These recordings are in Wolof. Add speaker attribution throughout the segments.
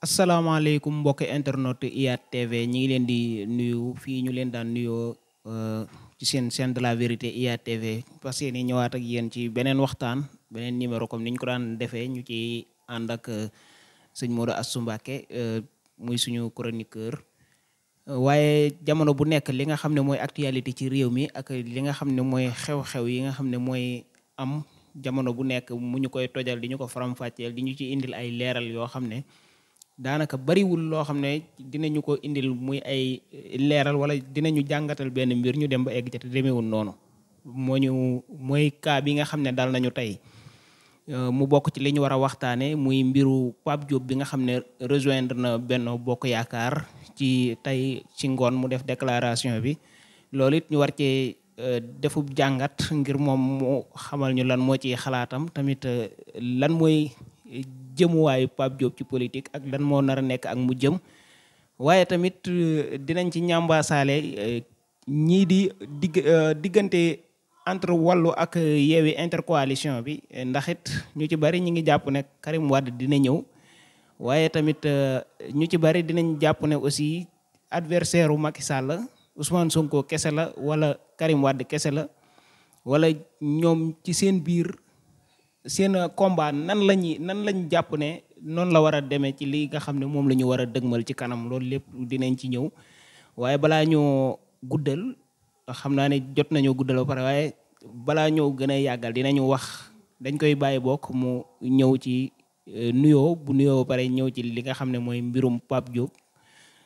Speaker 1: asalaamaaleykum mbokki internet IYAT TV ñi ngi leen di nuyu fii ñu leen daan nuyoo uh, ci seen chaîne de la vérité IYAT TV parce que ni ñëwaat ak yéen ci beneen waxtaan beneen numéro comme ni ñu ko daan defee ñu ci ànd ak uh, sëñ Modou Astou Mbacké uh, muy suñu chroniqueur waaye jamono bu nekk li nga xam ne mooy actualité ci réew mi ak li nga xam ne mooy xew-xew yi nga xam ne mooy am jamono bu nekk mu ñu koy tojal di ñu ko faram-fàcceel di ñu ci indil ay leeral yoo xam ne daanaka bariwul loo xam ne dinañu ko indil muy ay leeral wala dinañu jàngatal benn mbir ñu dem ba egg ca te demeewul noonu moo ñu mooy cas bi nga xam ne dal nañu tey euh, mu bokk ci li ñu war a waxtaane muy mbiru Pape Diop bi nga xam ne rejoindre na benn Bokk Yaakaar ci tey ci ngoon mu def déclaration bi loolu it ñu war cee euh, defub jàngat ngir moom mu xamal ñu lan moo ci xalaatam tamit euh, lan mooy jëmuwaayu Pape Diop ci politique ak lan moo nar a nekk ak mu jëm waaye tamit euh, dinañ ci ñambaasaale euh, ñii di digg euh, diggante entre wàllu ak yeewi intercoalition bi ndax it ñu ci bari ñu ngi jàpp ne Karim Wade dina ñëw waaye tamit ñu ci bari dinañ jàpp ne aussi adversaire u Macky Sall Ousmane Sonko kese la wala Karim Wade kese la wala ñoom ci seen biir seen combat nan la ñuy nan lañ jàpp ne noonu la war a demee ci li nga xam ne moom la ñu war a dëgmal ci kanam loolu lépp dinañ ci ñëw waaye balaa ñoo guddal xam naa ne jot nañoo guddal ba pare waaye balaa ñëw gën a yàggal dinañu wax dañ koy bàyyi bokk mu ñëw ci euh, nuyoo bu nuyoo ba pare ñëw ci li nga xam ne mooy mbirum Pape Diop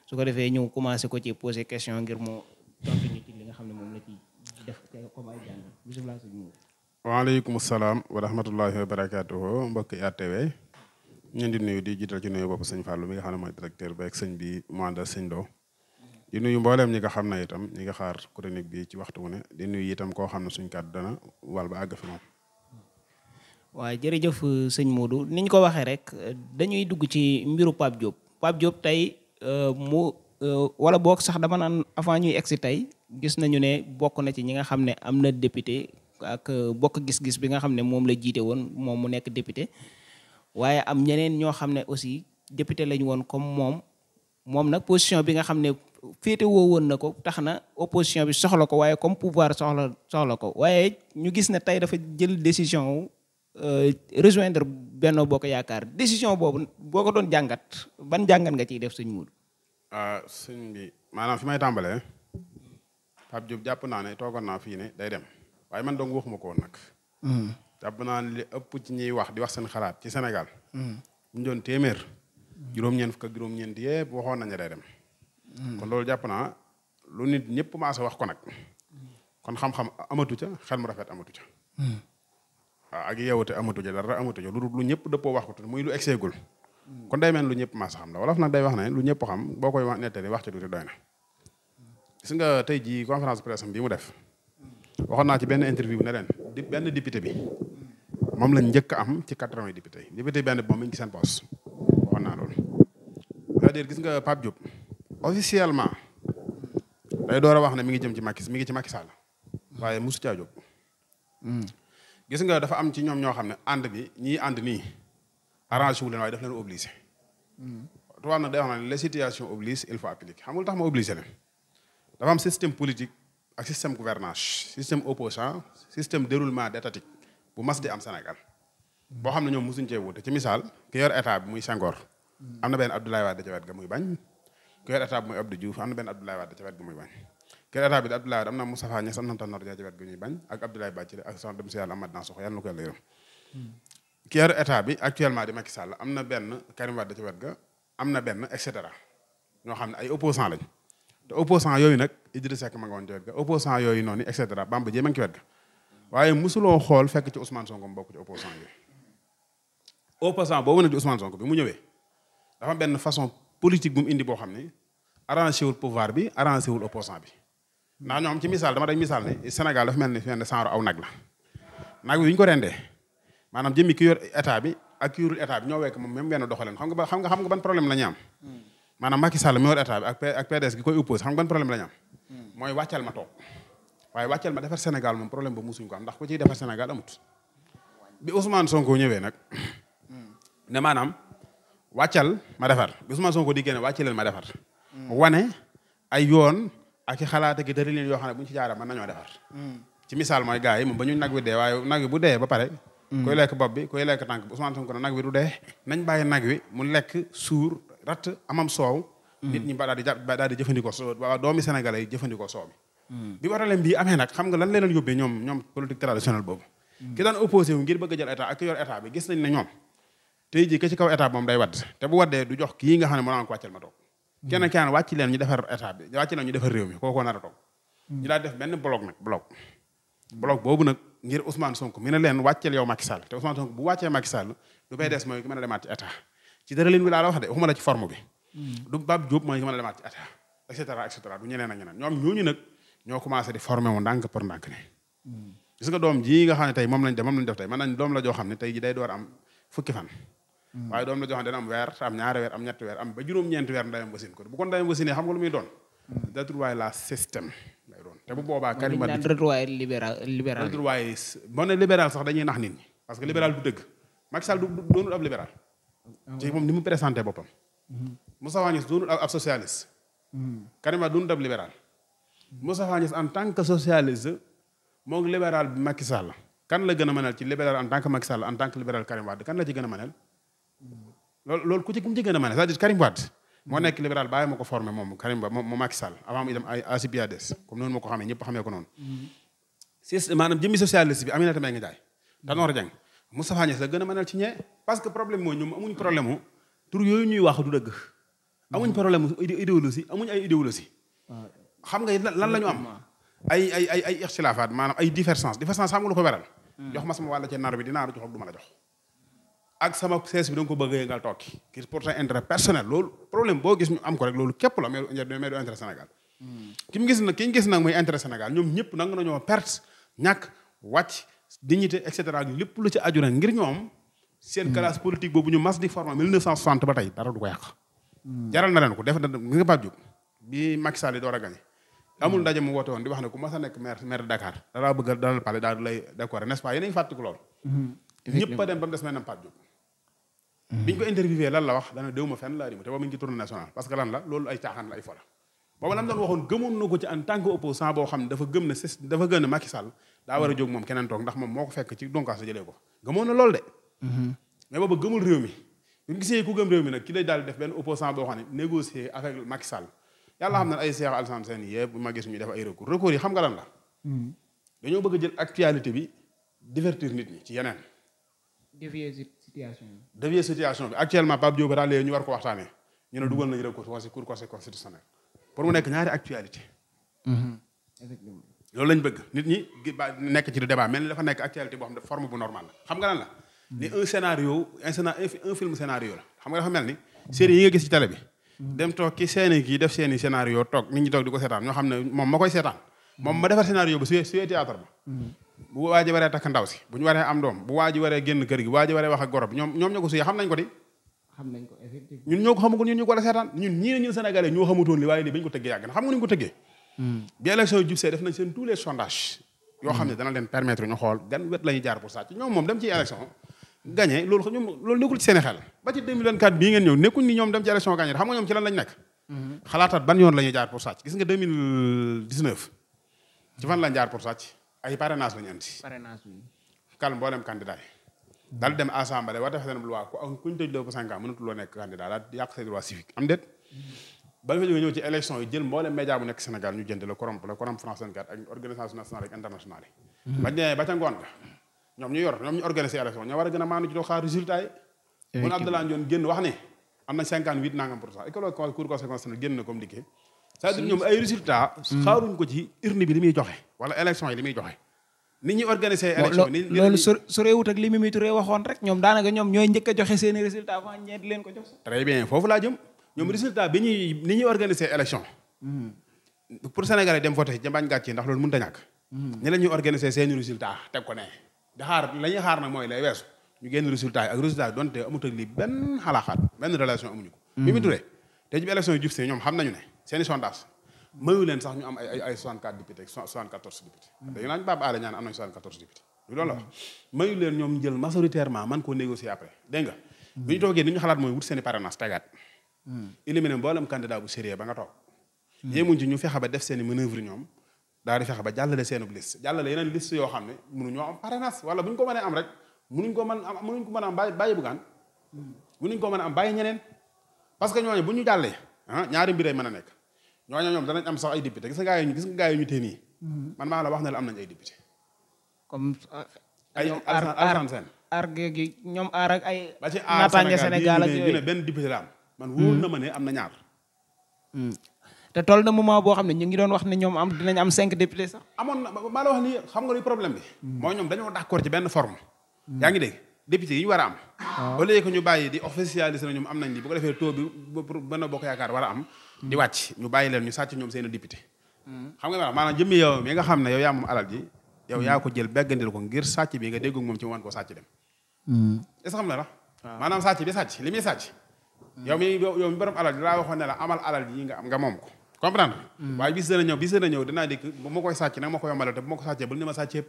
Speaker 1: su ko defee ñëw commencé ko ci poser question ngir mu tontu nga xam ne moom la ci def comme ay jàng
Speaker 2: waaleykum salaam wa rahmatullahi wa barakaatuhu mbokki RTV ñu di nuyu di jiital ci nuyu bopp sëñ Fallou xam ne mooy directeur bi ak sëñ bi mu àndal sëñ Lo di nuyu mbooleem ñi nga xam na itam ñi nga xaar chronique bi ci waxtu wu ne di nuyu itam koo xam ne suñ kàddu dana wal ba àgg fi moom.
Speaker 1: waaw jërëjëf sëñ Modou niñ ko waxee rek dañuy dugg ci mbiru Pape Diop Pape jóob tey euh, mu euh, wala boog sax dama naan avant ñuy egsi tey gis nañu ne bokk na ci ñi nga xam ne am na député. ak euh, bokk gis-gis bi nga xam ne moom la jiite woon moom mu nekk député waaye am ñeneen ñoo xam ne aussi député lañu woon comme moom moom nag position bi nga xam ne féete woo woon na ko tax na opposition bi soxla ko waaye comme pouvoir soxla soxla ko waaye ñu gis ne tey dafa jël décision euh, rejoindre Benno Bokk Yaakaar décision boobu boo ko doon jàngat ban jàngat nga ciy def sëñ Moudou.
Speaker 2: Ah, sëñ bi maanaam fi may tàmbalee Pape Diop jàpp naa ne toogoon naa fii ne day dem. waaye man dong waxuma ko woon nag. Mm. jàpp naa li ëpp ci ñuy wax di wax seen xalaat ci Sénégal. bu mm. ñu doon téeméer. juróom-ñeent fukk ak juróom-ñeent yëpp waxoon nañu day dem. Mm. kon loolu jàpp naa lu nit ñëpp maase wax ko nag. kon xam-xam amatu ca xel mu rafet amatu ca. waaw ah, ak yeewute amatu ca amatu ca lu lu ñëpp dëppoo wax ko lu egseegul. kon day mel lu ñëpp maase xam la wolof nag day wax ne lu ñëpp xam boo koy wax nettali wax ca tuuti doy na. gis nga tey jii conférence presse bi mu def. waxoon naa ci benn interview ne leen di benn député bi moom lañ njëkk am ci quatre-vingts député yi député benn bi moom mi ngi seen poos waxoon naa loolu. gis nga Pape Diop door a wax ne mi ngi jëm ci Macky mi ngi ci Macky Sall waaye mosu caa jóg. gis nga dafa am ci ñoom ñoo xam ne ànd bi ñii ànd nii arrangé wu leen waaye daf leen obligé. Hmm. tubaab nag day wax ne les situations obligent il faut appliquer xam tax ma obligé leen dafa am système politique. ak système gouvernance système opposant système déroulement d'étatique bu mas di am Sénégal boo xam ne ñoom mosuñ cee wuute ci misaal ki yor état bi muy Senghor am na benn Abdoulaye Wade ca wet ga muy bañ ki yor état bi muy Abdou Diouf am na benn Abdoulaye Wade ca wet ga muy bañ ki yor état bi am na Moustapha Niasse am na Tanor Dieng ca wet ga ñuy bañ ak Abdoulaye Bathily ak son dem si na ko état bi actuellement di Macky Sall am na benn Karim Wade ca wet ga am na benn et cetera ñoo xam ne ay opposant lañ te opposant yooyu nag Idrissa Seck ma nga yooyu noonu et cetera Bamba Dieng ma ngi waaye mosuloo xool fekk ci Ousmane Sonko mu bokk ci opposant yooyu opposant boobu nag di Ousmane Sonko bi mu ñëwee dafa benn façon politique bu mu indi boo xam ne arrangé wul pouvoir bi arrangé wul opposant bi ndax ñoom ci misaal dama day misaal ne Sénégal dafa mel ni fenn sanro aw nag la nag bi ñu ko rendee maanaam jëmmi ki yor état bi ak ki yorul état bi ñoo wekk moom même wenn doxaleen xam nga ba xam nga xam nga ban problème la ñu maanaam Macky Sall mi war état bi hmm. mooy wàccal ma toog waaye defar Sénégal moom problème ba musuñ ko am ndax ku ciy defar Sénégal amut bi Ousmane Sonko ñëwee nag hmm. ne maanaam wàccal ma defar bi Ousmane Sonko di génne wàccal leen ma defar hmm. wane ay yoon ak i xalaat ak i tëri leen yoo xam ne bu ci jaaree mën nañoo defar ci misaal mooy gars yi moom ba ñu nag wi dee waaye nag wi bu dee ba pare koy lekk bopp bi koy lekk tànk bi Ousmane Sonko nag wi du de nañ bàyyi nag wi mu lekk suur ratt amam soow nit ñi ba daal di jàpp ba daal di jëfandikoo soow doomi sénégalais yi jëfandikoo soow mi bi waralem hmm. bii amee nag xam nga lan leen yóbbee ñoom ñoom politique traditionnelle boobu hmm. ki daan opposé wu ngir bëgg a état ak ki yor état bi gis nañ ne ñoom tey jii ka ci kaw état moom day wadd te bu waddee du jox kii nga xam ne moo naan ko wàccal ma toog hmm. leen ñu defar état bi wàcc leen ñu defar réew mi kookoo nar a toog ñu daal def benn bloc nag bloc bloc boobu nag ngir Ousmane Sonko mi ne leen wàcceel yow Macky te Ousmane Sonko bu wàccee Macky Sall lu bay des mooy ki mën ci dara leen wi laa la wax de waxuma la ci forme bi hmm. du Bab Diop mooy ki mën a demaat ci ata et cetera et cetera du ñeneen ak ñeneen ñoom ñooñu nag ñoo commencé di formé wu ndànk par ndànk ne hmm. nga xam ne tey moom lañ def moom lañ la joo xam ne ji day door am fukki fan hmm. waaye doom la weer am ñaari weer am ñetti weer am ba juróom-ñeenti weer ndayam wasin ko bu kon ndayam wasinee xam nga lu muy doon da trouver la système lay doon te bu boobaa Karim Wade retrouvaille libéral libéral retrouvaille sax dañuy nax nit parce que libéral du dëgg Macky Sall du doonul ab libéral ci ah moom ni mu présenté boppam. Mm-hmm. Moustapha Niasse doonul ab socialiste. Karim mm-hmm. du doonul ab libéral. Mm-hmm. Moustapha Niasse en tant que socialiste moom libéral bi Macky kan la gën a mënal ci libéral en tant que Macky Sall en tant que libéral Karim kan la ci gën a mënal. loolu loolu ku ci ku mu a mënal c'est-à-dire moo nekk libéral bàyyi ma ko formé moom Karim Wade moom Macky Sall avant mu dem ay ACPADS comme noonu ma ko xamee ñëpp xamee ko noonu. si maanaam jëmmi socialiste Moustapha Niass la gën a mënal ci ñee parce que problème mooy ñoom amuñ problème mu tur yooyu ñuy wax du dëgg. amuñ problème mu idéologie amuñ ay idéologie xam nga lan la ñu am. ay ay ay ay ixtilaafaat maanaam ay divergence divergence xam nga lu ko weral hmm. jox ma sama wàll ci nar bi dinaa la jox ak du la jox. ak sama sees bi da ko bëgg a yëngal tokki ngir pour sa intérêt personnel loolu problème boo gis ñu am ko rek loolu képp la mais mais du intérêt Sénégal. Hmm. ki mu gis nag ki ñu gis nag muy intérêt Sénégal ñoom ñëpp nangu nañoo perte ñàkk wàcc. dignité et cetera ak lépp lu ci aju na ngir ñoom. seen hmm. classe politique boobu ñu mas di former 1960 ba tey dara du ko yàq. Hmm. jaral na leen ko def na nga Pape Diop bi Macky Sall door hmm. mu woote woon di wax ne ku mas a nekk maire maire Dakar. dalaa bëgg a dalal pale daal lay décorer n'est-ce pas yéen a ngi fàttaliku loolu. ñëpp a dem ba mu des maanaam Pape Diop. biñ ko interviewé lan la te boobu ñu ngi ci nationale parce lan la loolu ay caaxaan la ay fola booba lam doon waxoon gëmoon na ko ci en tant que opposant boo xam ne dafa gëm ne dafa gën a Macky daa war a jóg moom keneen toog ndax moom moo ko fekk ci donkaas la jëlee ko gëmoon na loolu de mhm. mais booba gëmul réew mi bi mu gisee ku réew mi nag ki lay daal def benn opposant boo xam ne négocier avec Macky Sall yàlla xam ne ay Cheikh Alassane Sène yëpp bu ma def ay recours recours yi xam nga lan la mhm. dañoo bëgg a jël actualité bi divertir nit ñi ci yeneen dévier situation bi. dévier situation bi actuellement Pape Diop daal léegi ñu war ko waxtaanee ñu ne dugal nañu recours si cour conseil constitutionnel pour mu nekk ñaari actualité mhm. loolu lañ bëgg nit ñi ba nekk ci du débat mel ni dafa nekk actualité boo xam ne forme bu normal la xam nga lan la ni un scénario un film scénario la xam nga dafa mel ni série yi nga gis ci télé bi dem toog ki seeni kii di ko seetaan ñoo xam ne moom ma koy seetaan moom ma defar scénario ba su suyee théâtre ba bu waa waree takk ndaw si bu ñu waree am doom bu waa ji waree génn kër gi waa ji waree wax ak goro bi ñoom ñoo ko suyee xam nañ ko di
Speaker 3: xam nañ ko effectivement
Speaker 2: ñun ñoo a seetaan ñun ñii xamutoon li waaye lii bañ ko tëggee yàgg na xam nga ñu ko tëggee Hmm. bi élection yu jub see def nañ seen tous les sondages. yoo xam ne hmm. dana leen permettre ñu xool gan wet la ñuy jaar pour sàcc ñoom moom dem ci élection gagné loolu ñoom loolu nekkul ci seen xel ba ci 2024 dem ci élection gagné ci lan lañ nekk. Hmm. xalaataat ban yoon la ñuy jaar pour sàcc gis nga 2019 ci fan lañ jaar pour sàcc ay parrainage la ñu andi. parrainage bi. kàll mboolem candidat yi. daal dem assemblée wax def seen loi ku ñu tëj doo ko 5 ans loo nekk candidat daal bala fa jóge ñëw ci élection yi jël mboolem média bu nekk Sénégal ñu jënd la corompe France 24 ak organisation nationale internationale yi bañ ba ca ngoon nga ñoom ñu yor ñoom ñu organisé élection ñoo muy joxe wala élection yi li muy joxe nit ñi organisé élection ni daanaka ñoom ñooy njëkk a joxe seeni résultat avant ñeent leen ko jox très bien foofu laa jëm ñoom résultat bi ñuy ni ñuy organiser élection. pour Sénégalais dem voté jambañ gàcce ndax loolu mënut a ñàkk. ne la ñuy organiser seen résultat teg ko ne. di xaar la xaar nag mooy lay weesu ñu génn résultat yi ak résultat yi donte amut ak lii benn xalaaxaat benn relation amuñu ko. bi mm. mu turee te ji bi élection yi jub si ñoom xam nañu ne seeni sondage mayu leen sax ñu am ay ay 64 députés 74 députés. Mm. dañu naan la mayu leen ñoom jël majoritairement man koo négocier après dégg nga. Mm. bu ñu toogee ni ñu xalaat mooy éliminer mboolem candidat bu sérieux ba nga toog. yéemuñ ci ñu fexe ba def seen i manœuvre ñoom daal di fexe ba jàllale seenub liste jàllale yeneen liste yoo xam ne mënuñoo am parrainage wala bu ñu ko mënee am rek mënuñ ko mën am ko mën a am bàyyi bugaan mënuñ ko mën bàyyi ñeneen parce que ñooñu bu ñu jàllee ah ñaari mbir mën a nekk ñooñu ñoom danañ am sax ay député gis nga gaa yi ñu gis nga gaa la wax ne am nañ ay député comme ay aar aar seen aar gi ñoom aar ak ay naataange Sénégal ak yooyu benn député la am man wóor hmm. na ma ne am na ñaar.
Speaker 1: Hmm. te toll na moment boo xam ne ñu ngi doon wax ne ñoom am
Speaker 2: dinañ am cinq députés sax. amoon na maa la wax ni nga luy problème bi. Hmm. mooy ñoom dañoo d'accord ci benn forme. yaa ngi dégg député yi ñu war a am. waaw ah. au ñu bàyyi di officialiser na ñoom am nañ li bu ko defee taux bi pour benn yaakaar war am. di wàcc ñu leen ñu sàcc ñoom seen député. xam nga maanaam jëmmi yow mi nga xam ne yow yaa moom alal ji. yow ko jël beggandil ko ngir sàcc bi nga déggoog moom ci mu wan koo sàcc xam nga la ah. maanaam sàcc bi sàcc li muy sàcc yow mi yow mi borom alal laa waxoon ne la amal alal yi nga am nga moom ko comprendre mm. waaye bis dana ñëw bis dana ñëw dikk bu ma koy sàcc nag ma ko yombale te bu ma ko sàccee bul ni ma sàcc yëpp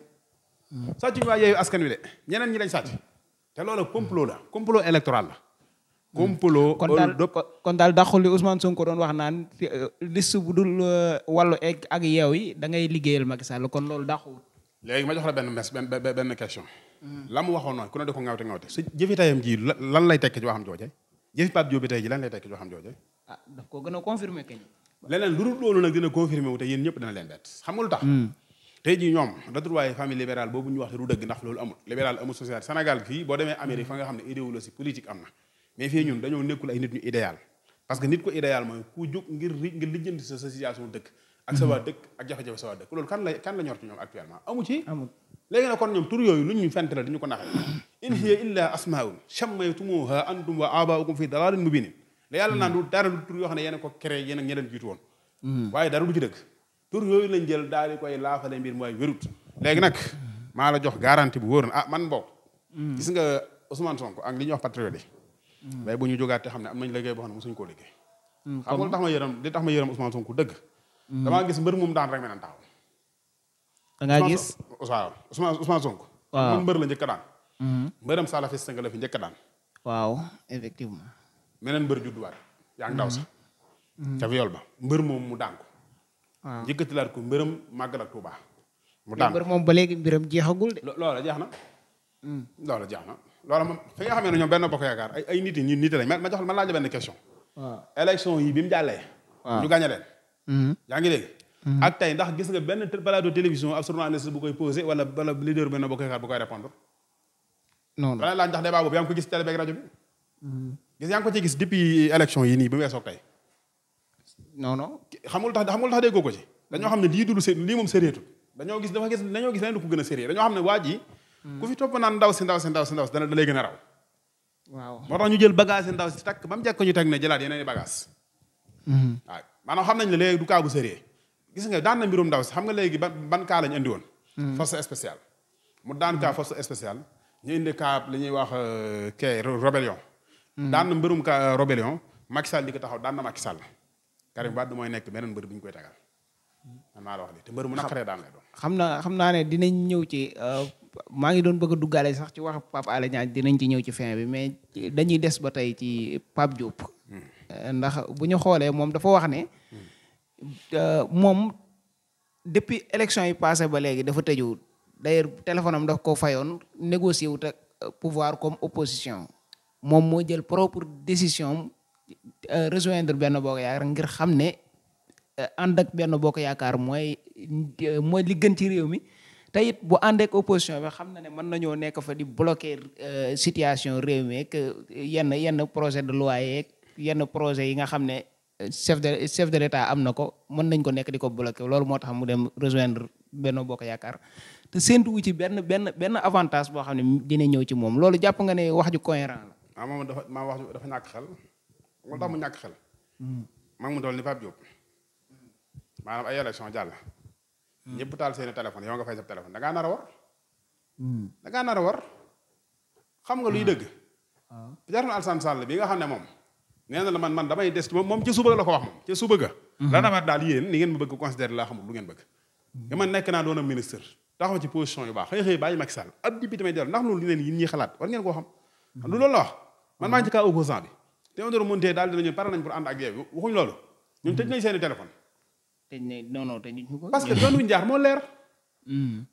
Speaker 2: mm. sàcc bi waa yeeyu askan wi de ñeneen ñi lañ sàcc te loolu complot la complot électoral la
Speaker 1: mm. complot kon daal kon daal dàqul li Ousmane Sonko doon wax naan euh, liste bu dul euh, wàllu egg ak yeew
Speaker 2: yi da ngay liggéeyal Macky Sall kon loolu dàquwul léegi ma jox la benn mes benn benn question la mu waxoon noonu ku ne da ko ŋawte ŋawte su jëfi jëfi Pape Diop bi tey ji lan lay tekki loo xam jooju ah, a confirmer kañ leneen lu dul loolu nag dina confirmer wu te yéen ñëpp dana leen bett xam tax hmm. tey ji ñoom retrouvaille famille libérale boobu ñu wax du dëgg ndax loolu amul libéral amul social Sénégal fii boo demee Amérique fa nga xam ne idéologie politique am na mais fii ñun dañoo nekkul ay nit ñu idéal parce que nit ko idéal mooy ku jóg ngir lijjanti sa sa situation ak sa mhm. waa dëkk ak jafe-jafe sa waa dëkk loolu kan la kan la ñoom actuellement amu ci amul kon ñoom tur yooyu lu ñu fent la dañu ko naxe in hiya illa asmaun chammaytumuha antum wa abaukum fi dalalin mubinin la yàlla naan du mhm. dara du tur yoo xam ne ko créé yéen ak ñeneen jiitu woon mhm. waaye dara du ci dëgg tur lañ jël daal di koy laafale mbir mooy wérut léegi nag maa la jox garantie bu wóor a ah, man bokk gis nga Ousmane Sonko ak li ñuy wax patriote waaye bu ñu jógaat te xam ne am nañ liggéey boo xam ne mosuñ koo liggéey xam nga tax ma yërëm li tax dëgg Mm. damaa gis mbër moom daan rek me naan taxaw. da ngaa gis waaw Ousmane Ousmane Sonko. waaw moom mbër la njëkk a daan. Mm-hmm. mbëram salafiste nga la fi njëkk daan. waaw effectivement. meneen mbër judduwaat yaa ngi daw sax. Mm-hmm. ca viol ba mbër moom mu daan ko. waaw njëkkatilaat ko mbëram màggal ak Tuubaa mu daan mbër moom ba léegi mbiram jeexagul de. loola jeex na. Mm. loola jeex na loola moom fi nga xamee ne ñoom benn bokk yaakaar ay ay ma jox ma laaj benn question. élection yi bi mu jàllee. ñu gagné leen. Mhm. yaa ngi dégg mhm. ak tey ndax gis nga benn balado télévision ab journaliste bu koy posé wala wala leader benn boo koy xaar bu koy répondre non la laaj ndax débat boobu yaa ko gis télé beeg rajo bi mhm. gis yaa ngi ko ci gis depuis élection yi nii bi weesoog tey non non xamul tax xamul tax déggoo ko ci dañoo xam ne lii dul sérieux lii moom sérieux dañoo gis dafa gis dañoo gis leneen du ko gën a sérieux dañoo xam ne waa ji ku fi topp naan ndaw si ndaw si ndaw si ndaw si dana da gën a raw waaw moo tax ñu jël bagage yi si takk ba mu jekk ñu teg ne jëlaat yeneen maanaam xam nañ la léegi du kaabu bu gis nga daan na mbirum ndaw si xam nga léegi ban ban cas lañ andi woon hmm. force spéciale mu daan cas force spéciale ñu indi cas li ñuy wax euh, kay rébellion hmm. daan na mbirum cas euh, rébellion di ko taxaw daan na Macky Sall Karim Wade nekk beneen mbër bi ñu koy tagal man maa la te mbër mu naqaree daan lay
Speaker 1: xam na xam naa ne dinañ ñëw ci euh, maa ngi doon bëgg a duggaale sax ci wax Pape Alé Niang dinañ ci ñëw ci fin bi mais dañuy des ba tey ci Pape Diop ndax bu ñu xoolee moom dafa wax ne euh, moom depuis élection yi passe ba léegi dafa tëjuwut d'ailleurs téléphone am daf ko fayoon négocié wut euh, pouvoir comme opposition moom moo jël propre décision euh, rejoindre benn bokk yaakaar ngir xam ne ànd ak benn bokk yaakaar mooy mooy li réew mi te it bu ànd ak opposition bi xam na ne mën nañoo nekk fa di bloquer situation réew mi ak yenn yenn projet de loi yeeg yenn projet yi nga xam ne euh, chef de chef de l'état am na ko mën nañ ko nekk di ko bloqué loolu moo tax mu dem rejoindre Benno Bokk Yaakaar te séntu wu ci benn benn benn avantage boo xam ne dina ñëw ci moom loolu jàpp nga ne wax ju cohérent la.
Speaker 2: ah moom dafa maa wax dafa ñàkk xel. ñàkk xel. Hmm. maa ngi mu doon ni ay élection jàll. Hmm. ñëpp taal seeni téléphone yow nga fay sa téléphone da ngaa nar a war. Hmm. ngaa nar a xam nga luy dëgg. waaw ah. Thierno Alassane Sall bi nga xam ne moom. nee na la man man damay des moom moom ca suba la ko wax moom ca suba ga mhm. la dama daal yéen ni ngeen ma bëgg considéré laa xamul lu ngeen bëgg ga mhm. man nekk naa doon ministre taxaw ci position yu baax xëy xëy bàyyi Macky Sall ab député may dellu ndax loolu neen yi ñuy xalaat war ngeen koo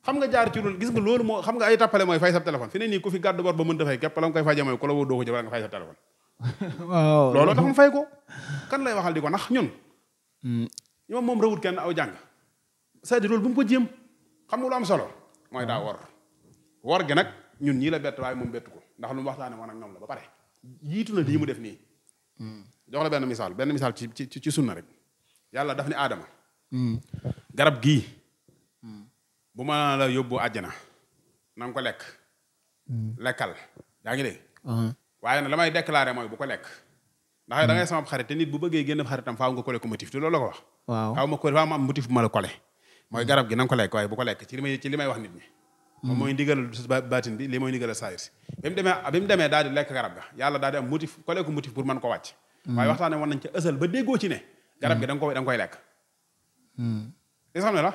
Speaker 2: xam nga jaar ci loolu gis nga loolu moo xam nga ay tappale mooy fay sa téléphone fi ne nii ku fi gàddu bor ba mën dafay képp koy fay sa téléphone
Speaker 3: waaw looloo tax mu fay
Speaker 2: ko. kan lay waxal di ko ndax ñun. ñoom hmm. moom rawut kenn aw jàng. c'est-à-dire loolu bu mu ko jéem xam nga lu am solo mooy daa ah. wor. wor gi nag ñun ñii la bett waaye moom bettu ko ndax lu mu waxtaanee woon ak ñoom la ba pare jiitu na lii mu def nii. Hmm. jox la benn misaal benn misaal ci ci ci sunna rek yàlla daf ne aadama. Hmm. garab gii. bu ma la yóbbu àjjana na ko lekk. lekkal yaa ngi dégg. Uh-huh. waaye nag la may déclaré mooy bu ko lekk ndax da ngay hmm. sama xarit te nit bu bëggee génn xaritam faaw nga kole ko motif te loolu la ko wax faaw ma am motif bu ma mooy hmm. garab gi na nga ko lekk waaye bu ko lekk ci li may wax nit ñi hmm. moom mooy ndigal baatin bi li mooy ndigal saayir si bi mu demee bi mu demee daal di nañ ca ësal ba déggoo ci ne garab gi da nga ko koy lekk li xam ne la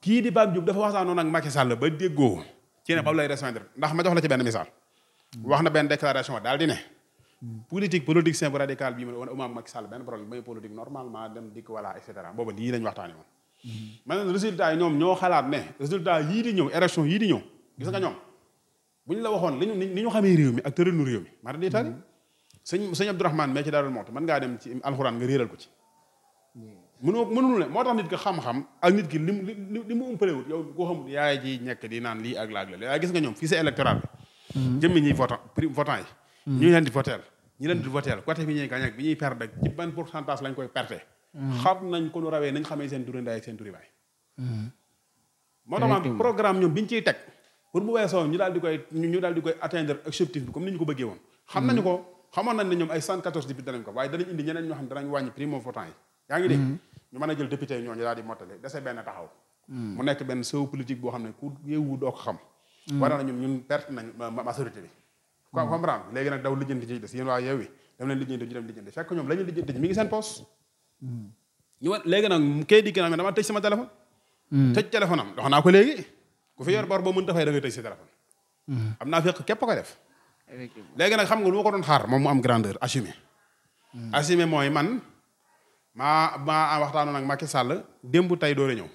Speaker 2: kii di Pape Diop dafa waxtaanoon ak Macky Sall ba déggoo ci ne bam lay restreindre ndax ma jox la ci benn misaal wax na benn déclaration daal di ne. politique politicien bu radical bii ma ne woon Oumar Macky Sall benn problème mooy politique normalement dem dikk voilà et cetera lii lañ waxtaanee woon. maintenant résultat yi ñoom ñoo xalaat ne résultat yii di ñëw élection yii di ñëw gis nga ñoom bu ñu la waxoon li ñu ni ñu xamee réew mi ak tëralinu réew mi maanaam day tari. sëñ sëñ Abdourahmane mais ci Daarul Muxti mën ngaa dem ci alxuraan nga ko ci. mënoo moo tax nit ki xam-xam ak nit ki li mu li mu umpalewut yow koo xam yaay ji ñekk di naan lii ak laag la gis nga ñoom fii sa électoral Mm-hmm. jëmmi ñi votant prime votant yi. Mm-hmm. ñu leen di votel ñu leen di votel côté bi ñuy gagné bi ñuy perte ak ci lañ koy perte. Mm-hmm. xam nañ ko lu rawee nañ xamee seen turi ndaay ak seen turi moo
Speaker 3: tax
Speaker 2: maanaam programme ñoom bi ñu ciy teg pour bu weesoo ñu daal di koy ñu daal comme ni ñu ko bëggee woon. xam nañu ko xamoon nañ ne ñoom ay 114 député danañ ko waaye danañ indi ñeneen ñoo xam ne danañ wàññi primo votant yi. yaa ngi dégg ñu mën a jël député ñooñu daal xam ne ku yeewu doo ko Mm. war na ñun ñun perte nañ majorité bi quoi mm. comprendre léegi nag daw lijjanti ci des yéen waa yow yi dem leen lijjanti ñu dem lijjanti fekk ñoom la ñu lijjanti ngi seen poos mm. ñu war léegi nag kay dikk naa dama tëj sama téléphone tëj téléphone am wax naa ko léegi ku fi yor bor boo mën ta fay da ngay tëj sa téléphone am naa fekk képp ko def léegi nag xam nga lu ma ko doon xaar moom mu am grandeur assumé assumé mooy man maa maa waxtaanoon ak Macky Sall démb tey doole ñëw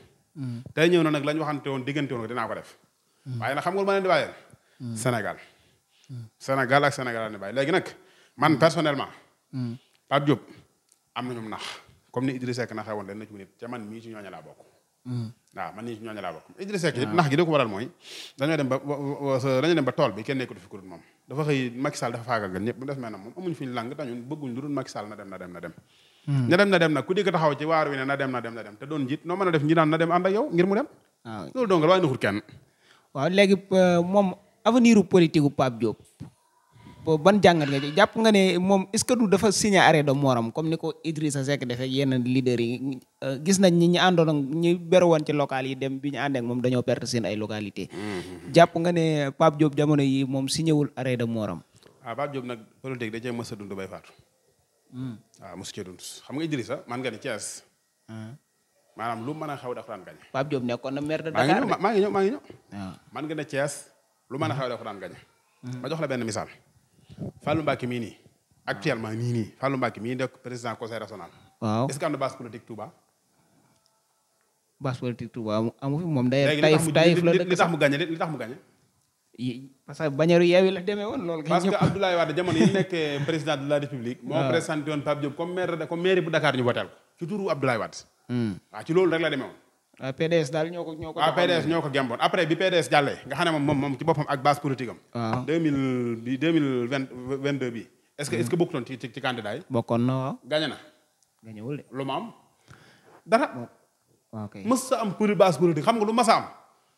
Speaker 2: tey ñëw na nag la ñu waxante woon diggante woon dinaa ko def waaye na xam nga ma leen di bàyyeel Sénégal Sénégal ak Sénégal ne bàyyi nag man personnellement Pape Diop am na ñum nax comme ni Idrissa Seck naxee woon leen na ci nit ca man ci ñooña laa bokk waaw man mii ci mooy dañoo dem ba dañoo dem ba tool bi kenn nekkatu ku dul moom dafa xëy Macky Sall dafa faagal def mel na moom amuñ fi ñu lang tañun bëgguñ lu dul Macky Sall na dem na dem na dem hmm. na dem na dem nag ku taxaw ci waar wi ne na dem na dem na dem te doon njiit noo mën a def ñi daan na dem ànd ak yow ngir mu dem loolu dong la waaye naxul kenn waaw léegi euh, moom avenir u
Speaker 1: politique u Pape Diop ban jàngat nga jàpp nga ne moom est-ce que dafa signé arrêt de moram comme ni ko Idrissa Seck defee yeneen leader yi euh, gis nañ ñi ñu àndoon ñi beru woon ci local yi dem bi ñu ànd moom dañoo perte seen ay localité mm-hmm. jàpp nga ne Pape Diop jamono yi moom signé wul arrêt mooram moram
Speaker 2: ah Pape Diop nag politique da cee mës a dund bay faatu waaw mm. ah, mosu cee xam nga Idrissa man nga ne Thiès ah. maanaam lu mën a xew dafa daan gañe. Pape Diop nekkoon ah. man nga ne Thiès lu mën a xew dafa daan gañe. Mm-hmm. ma jox la benn misaal Fallou Mbacké mii nii actuellement nii nii Fallou Mbacké mii de président conseil régional. waaw est-ce que am na base politique Touba.
Speaker 1: base politique Touba amu fi moom day. tayif la dëkk li tax mu
Speaker 2: gañe li tax mu gañe. parce que bañeeru yeewi la demee woon loolu. parce que Abdoulaye Wade jamono yi nekk président de la république. moo ah. présenté woon Pape comme maire bu Dakar ñu woteel ko ci turu waaw mm. ah, ci loolu rek la demee woon. waaw ah, PDS daal ñoo ko ñoo ko. waaw ah, PDS ñoo ko gemboon après bi PDS jàllee nga xam ne moom moom ci boppam ak base politique am. waaw deux mille bi deux mille vingt vingt deux bi. est ce que est ce que bokkutoon ci ci ci candidat yi.
Speaker 1: bokkoon na waaw.
Speaker 2: gañe na. gañewul de lu ma am dara.
Speaker 3: ok mës
Speaker 2: a am pour base politique xam nga lu mës a am.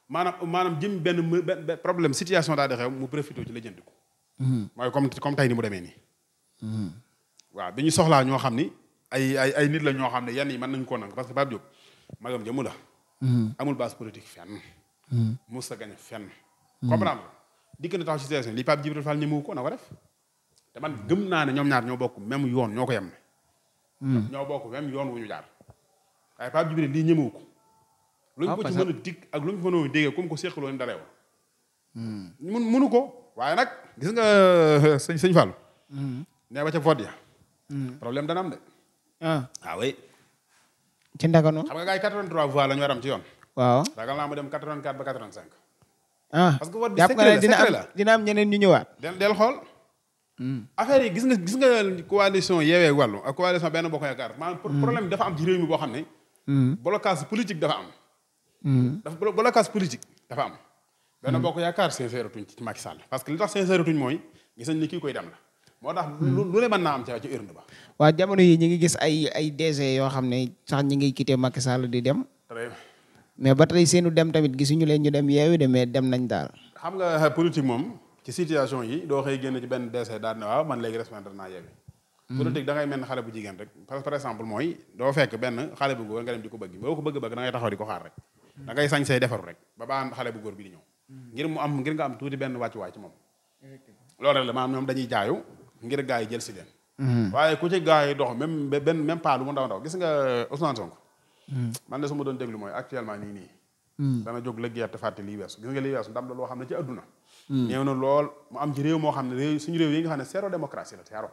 Speaker 2: maanaam maanaam jëm benn problème situation daal di xew mu profité ci la jënd ko. Mhm. mooy comme comme tey ni mu demee nii. Mhm. waaw bi ñu soxlaa ñoo xam ni. ay ay nit la ñoo xam ne yenn yi man nañu koo nangu parce que Pape Diop magam jëmu la. Mm-hmm. amul base politique fenn. mos mm-hmm. a gañ fenn. Mm-hmm. comprendre nga dikk na taxaw ci situation li Pape Djibril Fall ñemewu ko na ko def te man gëm naa ne ñoom ñaar ñoo bokk même yoon ñoo ko ñoo bokk même yoon ñu jaar waaye Pape Djibril lii ñemewu ko. luñ ko ah, ci mën a dikk ak ko mën a déggee comme ko seqaloo ni daree woon. mun munu ko waaye nag gis nga sëñ sëñ Fall. nee ba ca vote ya problème dana de. Ah. ah oui. ci Ndakaaru. xam nga gars yi 83 voix la ñu war am ci yoon. waaw ragal naa mu dem 84 ba 85. ah parce que vote bi secret la dina am dina am ñëwaat. del del xool. Hmm. affaire yi gis nga gis nga coalition Yewwi ak Wallu ak coalition Benno Bokk Yaakaar maanaam hmm. problème bi dafa am ci réew mi boo xam ne. Hmm. blocage politique dafa am. dafa blocage politique dafa am. Benno Bokk Yaakaar sincère tuñ ci Macky parce que li tax sincère tuñ mooy gis nañ kii koy dem la. moo tax lu ne mën naa am ca ci urne ba.
Speaker 1: waaw jamono yi ñu ngi gis ay ay DG yoo xam ne sax ñu ngi quitté Macky Sall di dem. mais ba tey seenu dem tamit gisuñu leen ñu dem yeewu de mais dem nañ daal.
Speaker 2: xam nga euh, politique moom ci situation yi doo xëy génn ci benn DG daal ne man léegi respecté naa yeewi. Hmm. politique da ngay mel ne xale bu jigéen rek par exemple mooy doo fekk benn xale bu góor nga dem di ko bëgg boo ko bëgg bëgg da ngay taxaw di ko xaar rek. Hmm. da ngay sañ say defaru rek ba baax xale bu góor bi di ñëw. Hmm. ngir mu am ngir nga am tuuti benn wàccuwaay ci moom. loolu rek la ñoom dañuy jaayu ngir gaa yi jël si leen. Hmm. waaye ku ci gaa yi dox même benn même pas mu ndaw ndaw gis nga Ousmane Sonko. Hmm. man de su ma doon déglu mooy actuellement nii nii. Hmm. dana jóg lëggee te fàtte lii weesu gis nga lii weesu ndam loo xam ne ci adduna. néew na lool mu am ci réew moo xam ne réew suñu réew yi nga xam ne zéro démocratie la zéro.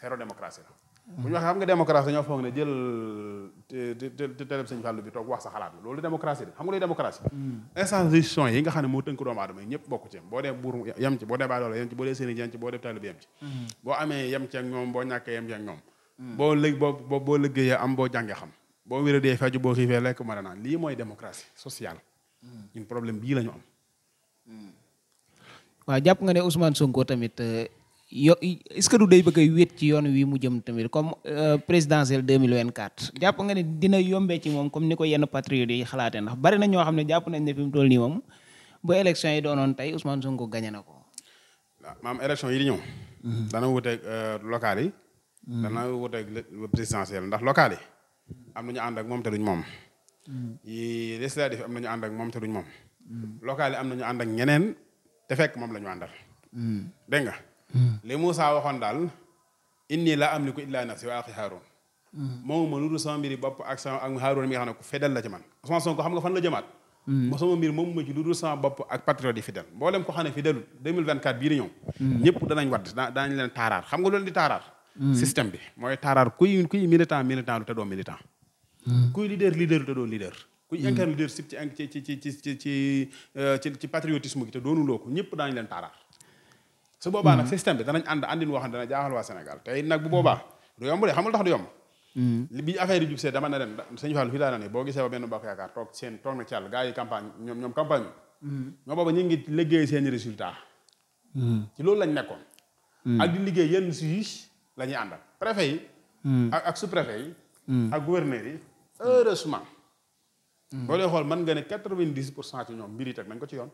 Speaker 2: zéro démocratie la. bu ñu waxee xam nga démocratie dañoo foog ne jël délém sëñ Fallou bi toog wax sa xalaat loolu démocratie la xam nga luy démocratie hmm. instance yi nga xam ne moo tënk doomu aadama yi ñëpp bokk ci boo dee buur yem ci boo dee baadoolo yem ci boo dee seen yem ci boo dee taalibe yem ci hmm. boo amee yem ci ñoom boo ñàkkee yem ci ñoom hmm. boo lëg boo am boo jàngee xam boo wéré dee faju boo xiifee lekk mën a naan lii mooy démocratie sociale ñun problème bii la am waaw
Speaker 1: jàpp nga ne Ousmane Sonko euh, yo est-ce que du day bëgg a wéet ci yoon wi mu jëm tamit comme euh, présidentielle 2024 jàpp nga ne dina yombee ci moom comme ni ko yenn patriotes yi xalaatee ndax bari na ñoo xam ne jàpp nañ ne fi mu toll nii moom bu élection yi doonoon tey Ousmane Sonko gañe na ko.
Speaker 2: Ah, maam élection yi di ñëw. Mhm. dana wuteeg euh, locales yi. Mhm. dana wuteeg présidentielle ndax locales yi. am na ñu ànd ak moom te duñ moom. Mhm. yi am na ñu ànd ak moom te duñ moom. locales yi am na ànd ak ñeneen te fekk moom la ñu àndal. dégg nga. li Moussa waxoon daal inni laa amliku illaa nafsi wa axi Haarun moom ma lu dul sama mbiri bopp ak sama ak Haarun mi nga xam ne ku fidèle la ci man Ousmane Sonko xam nga fan la jëmaat ma hmm. sama mbir moom ma ci lu dul sama bopp ak patriote yi fidèle mboolem ko xam ne fidèle 2024 bii di ñëw hmm. ñëpp danañ wadd hmm. bi mooy taaraar kuy kuy militant militant lu te doo militant kuy leader leader lu te ci ci ci ci ci ci euh, ci patriotisme ko ñëpp daañu leen taaraar su boobaa nag mm. système bi danañ ànd àndin woo xam ne dana jaaxal waa Sénégal tey nag bu boobaa du yomb de xamul tax du yomb mm. bi affaire yi jub see dama ne leen sëñ Fallou fii daa na ne boo gisee ba benn bokk yaakaar toog seen toog na ci àll yi campagne ñoom campagne mm. ñoo booba ñu ngi liggéey seeni résultat ci loolu lañ nekkoon ak di liggéey yenn juge lañuy ñuy àndal préfet yi ak su sous-préfet yi ak gouverneur yi heureusement boo dee xool mën nga ne quatre-vingt-dix pour cent ñoom mbir yi teg ko ci yoon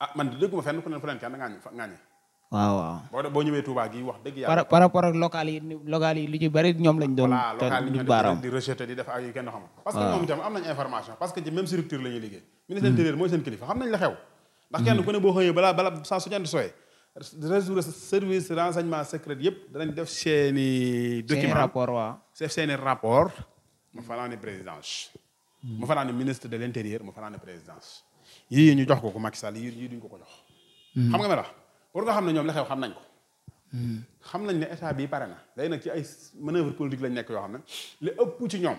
Speaker 2: ah man dégguma fenn ku ne fu leen kenn ngaañ ngaañi waaw waaw boo ñëwee Touba gi wax dëgg yàlla par rapport ak local yi local yi lu ci bëri ñoom lañ doon baaraam di rejeté di def ay kenn xamul parce que ñoom itam am nañ information parce que ci même structure la ñuy liggéey hmm. mooy seen kilifa xam nañ la xew ndax kenn hmm. ku ne boo xëyee balaa bala saa su jant sooyee service renseignement secret yëpp danañ def seeni document rapport waaw def seeni rapport mu fanaa hmm. de l' intérieur mu fanaa ne yii ñu jox ko ko Macky Sall yii duñ ko ko jox. Hmm. xam nga ma pour nga xam ne ñoom li xam nañ ko. Hmm. xam nañ ne état bi pare na léegi nag ci ay manœuvre politique lañ nekk yoo xam ne li ëpp ci ñoom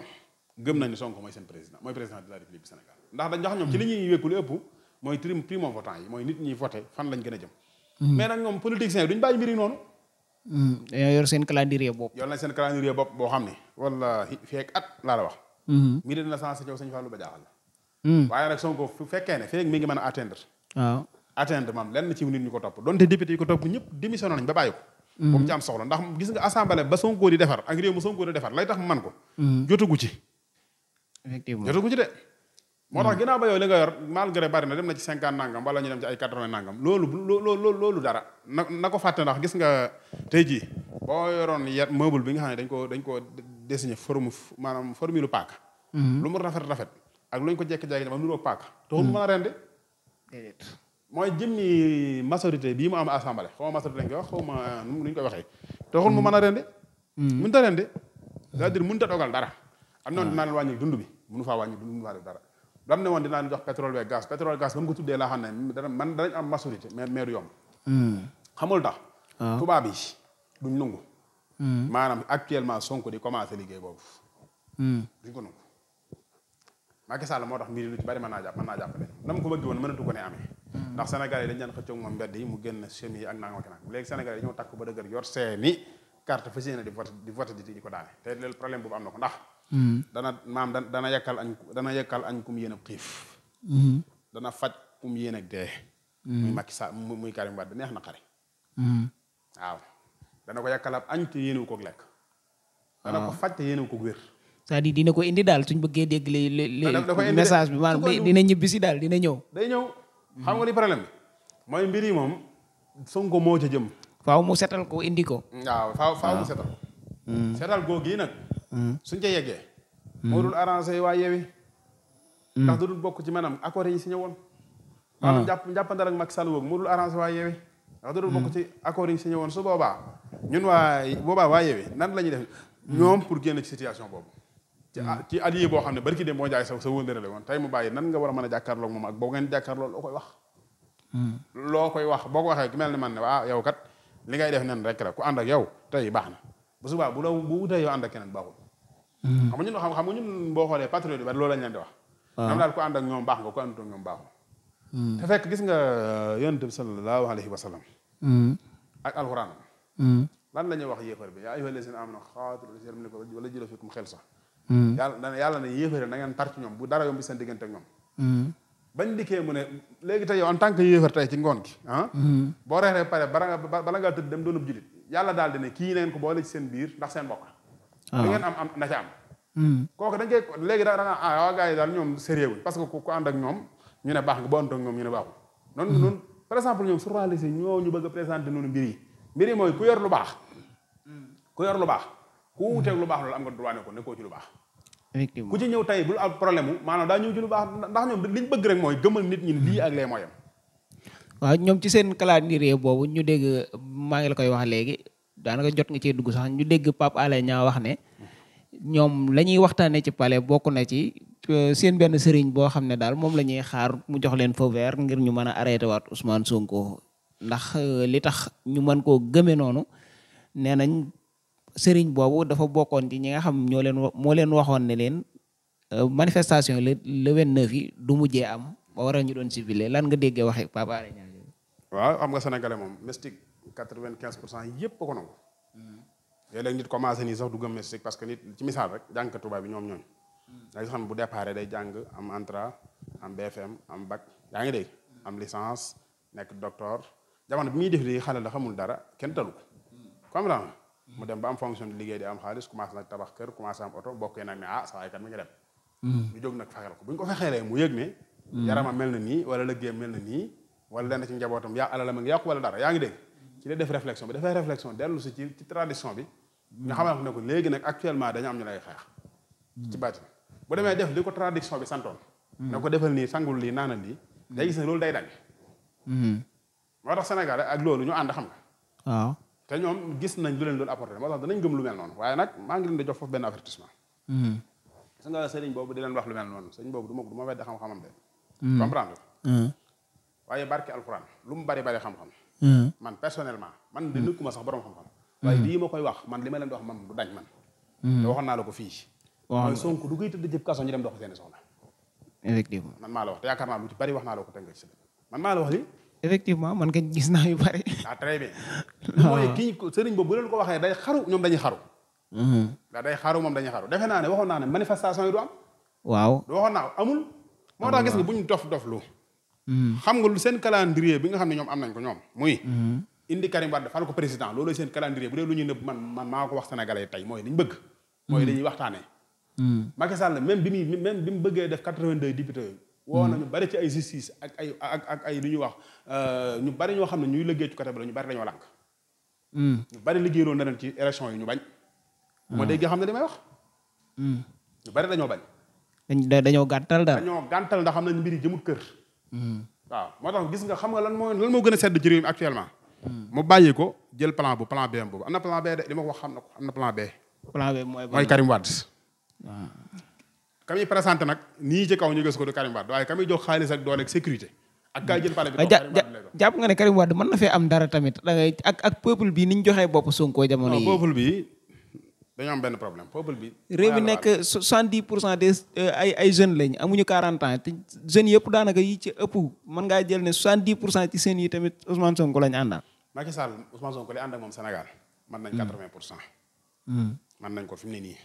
Speaker 2: gëm nañ ne Sonko mooy seen président mooy président de la République Sénégal ndax dañ jox ñoom ci li ñuy wékku li ëpp mooy trim primo votant yi mooy nit ñuy voté fan lañ gën a jëm. Hmm. mais nag ñoom politiciens yi duñ bàyyi mbir yi noonu. dañoo yor seen calendrier bopp. yor seen bopp boo xam ne wallaahi fii ak laa la wax. mille neuf sa caw sëñ Fallou ba jaaxal la Hmm. waaye nag Sonko fu fekkee ne feeg mi ngi mën a atteindre. waaw atteindre maam lenn ci nit ñu ko topp donte député yi ko topp ñëpp démissionné nañ ba bàyyi ko. Hmm. bu mu ci am soxla ndax gis nga assemblée ba Sonko di defar ak réew mu Sonko di defar lay tax mu mën ko. Hmm. jotagu ci. ci de. moo tax ginnaaw ba yow li nga yor malgré bari na dem na ci cinquante nangam wala ñu dem ci ay quatre vingt nangam loolu loolu loolu dara na na ko fàtte ndax gis nga tey jii boo yoroon yet meuble bi nga xam ne dañ ko dañ koo désigné forme maanaam formule paak lu mu rafet rafet ak lu ñu ko jékki-jékki ne ma nuroo paaka. taxul mu hmm. mën a rendi. mooy jëmmi majorité bii mu am assemblée xaw ma majorité lañ koy wax xaw ma euh, nu ñu koy waxee. taxul mu man hmm. a rendi. Hmm. mënut ta rendi. c'est-à-dire mënut a dogal dara. am na woon ah. dinaa leen wàññi dund bi mënu faa wàññi dund mënu faa dara. lam ne woon dinaa leen jox pétrole beeg gaz pétrole gaz ba mu ko tuddee laa xam ne dana man danañ am majorité mais mais du yomb. xamul tax. Ah. tubaab yi duñ nangu. maanaam actuellement Sonko di commencé liggéey boobu. Macky Sall moo tax mbir lu ci bari mën naa jàpp mën naa jàpp de na mu ko hmm. ndax Sénégal yi daan xëccoo moom mbedd yi mu génn chemise yi ak nangam ak ko daane hmm. maam da dana yekkal añ dana yekkal añ kum yéen ab xiif hmm. dana faj kum yéen ak dee muy Macky Sall muy Karim Wade neex na xari waaw dana ko yàkkal ab añ te yéenewu koog lekk dana ko ah. faj te yéenewu koog wér
Speaker 1: c'est-à-dire dina ko indi daal suñ bëggee dégg li message bi maanaam dina ñibbisi daal dina ñëw.
Speaker 2: day ñëw xam nga li problème bi mooy mbir yi moom Sonko moo ca jëm. faaw mu setal ko indi ko. waaw faaw faaw mu setal. Mm. nag. Mm. suñ ca yeggee. Mm. moo dul arrangé waa Yewwi. ndax du dul bokk ci maanaam accord yi woon. maanaam jàpp jàppandal ak Macky Sall woog moo dul arrangé waa Yewwi. ndax du ci accord yi signé woon su boobaa ñun waa boobaa waa Yewwi nan la ñuy def ñoom pour génn ci situation boobu. ci allié boo xam a mën a jàkkaarloog moom ak boo ngeen jàkkaarloo loo koy wax hmm. loo boo ko waxee ki mel ne man ne waa ah, yow kat li ngay def nen rek la ku ànd ak yow tey baax na bu subaa bu la bu tey yow ànd a keneen baaxul hmm. xam nga ñun xam nga ñun boo xoolee patriote yi bari loolu lañ leen di wax ah. ñoom daal ku ànd ak ñoom baax nga ku àndut ak ñoom baaxul hmm. te fekk nga euh, wa sallam ak alxuraan la ñuy wax yéefar bi yaa ayyuhal lazina amanu xaatilu wala jëla fikum xel sax Mm. yàlla dana yàlla na ngeen tar ci ñoom bu dara yomb seen diggante ak ñoom mm. bañ dikkee mu ne léegi tey yow en tant que yéefar tey ci ngoon gi ah mm. boo reeree pare bala nga bala ngaa tëdd dem doonub julit yàlla daal di ne kii neen ko boole ci seen biir ndax seen bokk da ah. ngeen am am na ca am kooku dañ koy léegi da danga ah waa gars yi daal ñoom sérieux parce que ku ànd ak ñoom ñu ne baax nga boo ànd ak ñoom ñu ñu bëgg a présenté noonu mbir yi mooy ku yor lu baax ku yor lu baax ku wuuteeg lu baax loolu am nga droit ne ko nekkoo ci lu baax ku ci ñëw tey bul am problème mu maanaam daa ñëw ci lu baax ndax ñoom liñ bëgg rek mooy gëmal nit ñi lii ak lee mooyam waaw ñoom ci
Speaker 1: seen kalaat calendrier boobu ñu dégg maa ngi la koy wax léegi daanaka jot nga cee dugg sax ñu dégg Pape Alé Niang wax ne ñoom la ñuy waxtaanee ci pale bokk na ci euh, seen benn sëriñ boo xam ne daal moom la ñuy xaar mu jox leen feu vert ngir ñu mën a arrêté waat Ousmane Sonko ndax euh, li mën koo gëmee noonu sëriñ boobu dafa bokkoon ci ñi nga xam ñoo leen moo leen waxoon ne leen euh, manifestation le le vingt neuf yi du mujjee am ba waral ñu doon civilé lan nga déggee waxee Pape Alé Niang.
Speaker 2: waaw am nga sénégalais moom mystique quatre vingt quinze pour yëpp ko nangu. Hmm. léeg-léeg nit commencé nii sax du gëm mystique parce que nit ci misaal rek jàngkat tubaab bi ñoom ñooñu. Hmm. da nga xam bu départ day jàng am entra am BFM am bac yaa ngi dégg. Hmm. am licence nekk docteur jamono bi def lii xale la xamul dara kenn talu mu dem ba am fonction di liggéey di am xaalis commencé nag tabax kër commencé am oto bokkee nag ne ah saa waay kat mi ngi dem hmm. ñu jóg nag fexeel ko bu mu yëg na hmm. nii wala lëggéeyam mel na nii wala lenn ci njabootam ma ngi yàqu wala dara yaa ngi dégg ci def réflexion bi dafay réflexion si ci ci tradition bi nga xamal ko ne ko léegi nag actuellement dañu am ñu lay xeex hmm. ci bàtti bu demee def li ko tradition bi santoon na ko defal nii sangul lii naanal lii day gis ne loolu day dañ moo tax Sénégal ak loolu ñu ànd xam nga waaw ah. te ñoom gis nañ lu leen doon apporté moo tax danañ gëm lu mel noonu waaye nag maa ngi leen di jox foofu benn avertissement hmm. gis nga sëriñ boobu di leen wax lu mel noonu sëriñ boobu du ma du ma weddi xam-xamam de
Speaker 3: hmm. comprendre hmm.
Speaker 2: waaye lu mu bari bari xam-xam man personnellement man di nëkkuma sax borom xam-xam waaye lii ma koy wax man li ma leen di wax man du dañ man te waxoon naa la ko fii mooy Sonko du koy tëdd jëpp kaso ñu dem dox seeni soxla effectivement man maa la wax te yaakaar naa lu wax naa la ko tënk ci effectivement man kañ gis naa yu bari. ah très bien. mooy kii sëriñ boobu lu leen ko waxee day xaru ñoom dañuy xaru. Mm-hmm. ndax day xaru moom dañuy xaru defe naa ne waxoon naa ne manifestation yi du am. waaw waxoon naa amul. moo tax gis nga bu ñu dof dof lu
Speaker 3: mm-hmm.
Speaker 2: xam nga lu seen calendrier bi nga xam ne ñoom am nañ ko ñoom muy. Mm-hmm. indi Karim Wade fal ko président loolu seen calendrier bu dee lu ñuy nëbb man man maa ko wax sénégalais tey mooy li bëgg. mooy li ñuy waxtaanee. Macky la même bi muy bi mu bëggee def 82 députés yooyu woo hmm. na ñu bari ci ay justice ak ay ay lu ñuy wax euh, ñu bari ñoo xam ne ñuy liggéey ci côté bi la ñu bari dañoo lànk hmm. ñu bari liggéeyoon na leen ci élection yi ñu bañ moo hmm. dégg xam ne li may wax
Speaker 1: ñu bari dañoo bañ dañoo gàntal daal dañoo
Speaker 2: gantal ndax xam nañ mbir yi jëmut kër waaw moo tax gis nga xam nga lan moo moo gën a sedd ci réew actuellement mu bàyyi ko jël plan bu plan B boobu am na plan B de li ma ko wax xam na ko am na plan B. plan B mooy Karim Wade. Ah. ka muy présenté nag nii ci kaw ñu gis ko du Karim Wade waaye jox xaalis doole ak sécurité. ak kaay jël palais bi jàpp nga ne Karim
Speaker 1: Wade mën na fee am dara tamit ak ak peuple bi ni ñu joxee bopp Sonko jamono yi. peuple bi
Speaker 2: benn problème peuple bi. réew mi
Speaker 1: nekk soixante dix pour cent des euh, ay jeune jeunes lañ amuñu quarante ans jeune yëpp daanaka yi ci ëpp mën ngaa jël ne soixante dix pour cent ci seen yi tamit Ousmane Sonko lañ àndal.
Speaker 2: Macky Sall Ousmane Sonko li ànd ak nañ quatre vingt pour cent. Hmm. mën nañ ko fi mu ne nii.